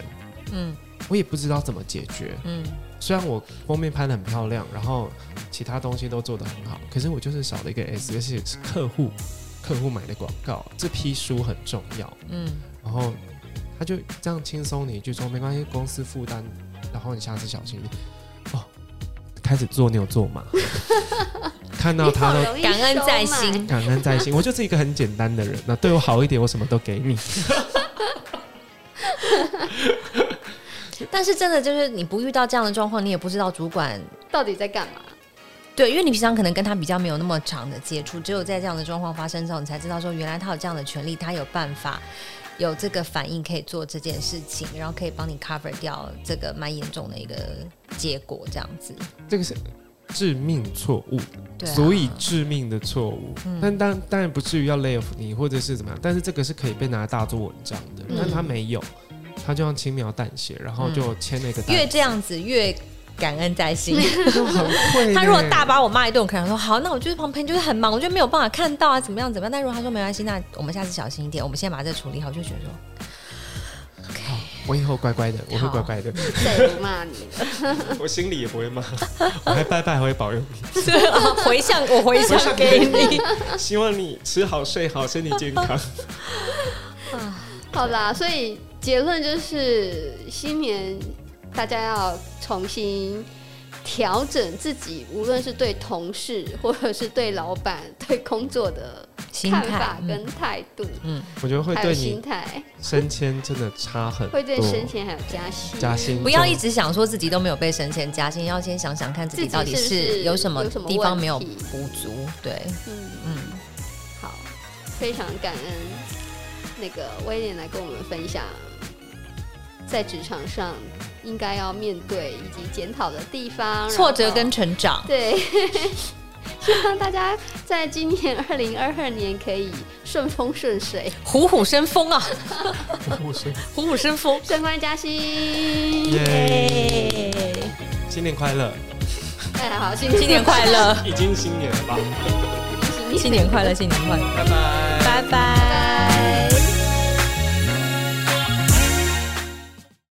嗯，我也不知道怎麼解決，嗯。雖然我封面拍得很漂亮，然後其他東西都做得很好，可是我就是少了一個 S。而且是客戶，客戶買的廣告，這批書很重要。嗯，然後他就這樣輕鬆你就說，沒關係，公司負擔，然後你下次小心一點。哦，開始做牛做馬， 看到他都感恩在心，感恩在心。我就是一個很簡單的人，那對我好一點，我什麼都給你。 但是真的就是你不遇到這樣的狀況，你也不知道主管到底在幹嘛。對，因為你平常可能跟他比較沒有那麼長的接觸，只有在這樣的狀況發生之後，你才知道說原來他有這樣的權利，他有辦法，有這個反應可以做這件事情，然後可以幫你 cover 掉這個蠻嚴重的一個結果，這樣子。這個是致命錯誤，對、啊，所以致命的錯誤。嗯、但當當然不至於要 lay off 你或者是怎麼樣，但是這個是可以被拿來大做文章的，嗯、但他沒有。他就像輕描淡寫，然後就簽了一個單、嗯。越這樣子越感恩在心。 他如果大把我罵一頓，我可能說好，那我就是旁邊就是很忙，我就沒有辦法看到啊，怎麼樣怎麼樣？但如果他說沒關係，那我們下次小心一點，我們先把這個處理好，我就會覺得說，OK，我以後乖乖的，好我會乖乖的。誰罵你？我心裡也不會罵，我還拜拜，還會保佑你。 對啊、哦，回向我回向給你，給你，希望你吃好睡好，身體健康。啊 好啦，所以。結論就是，新年大家要重新調整自己，無論是對同事或者是對老闆、對工作的看法跟態度。嗯，嗯，我覺得會對你升遷真的差很多。嗯、會對升遷還有加薪，加薪不要一直想說自己都沒有被升遷加薪，要先想想看自己到底是有什麼地方沒有補足。對，嗯嗯，嗯好，非常感恩那個威廉來跟我們分享，在職場上應該要面對以及檢討的地方，挫折跟成長。對呵呵，希望大家在今年二零二二年可以順風順水，虎虎生風啊！ 虎虎生虎虎生風，升官 加薪，耶 Yeah！Yeah 新年快樂！哎，好，新新年快樂！ 已經新年了吧？新年快樂，新年快樂，拜拜 bye，拜拜。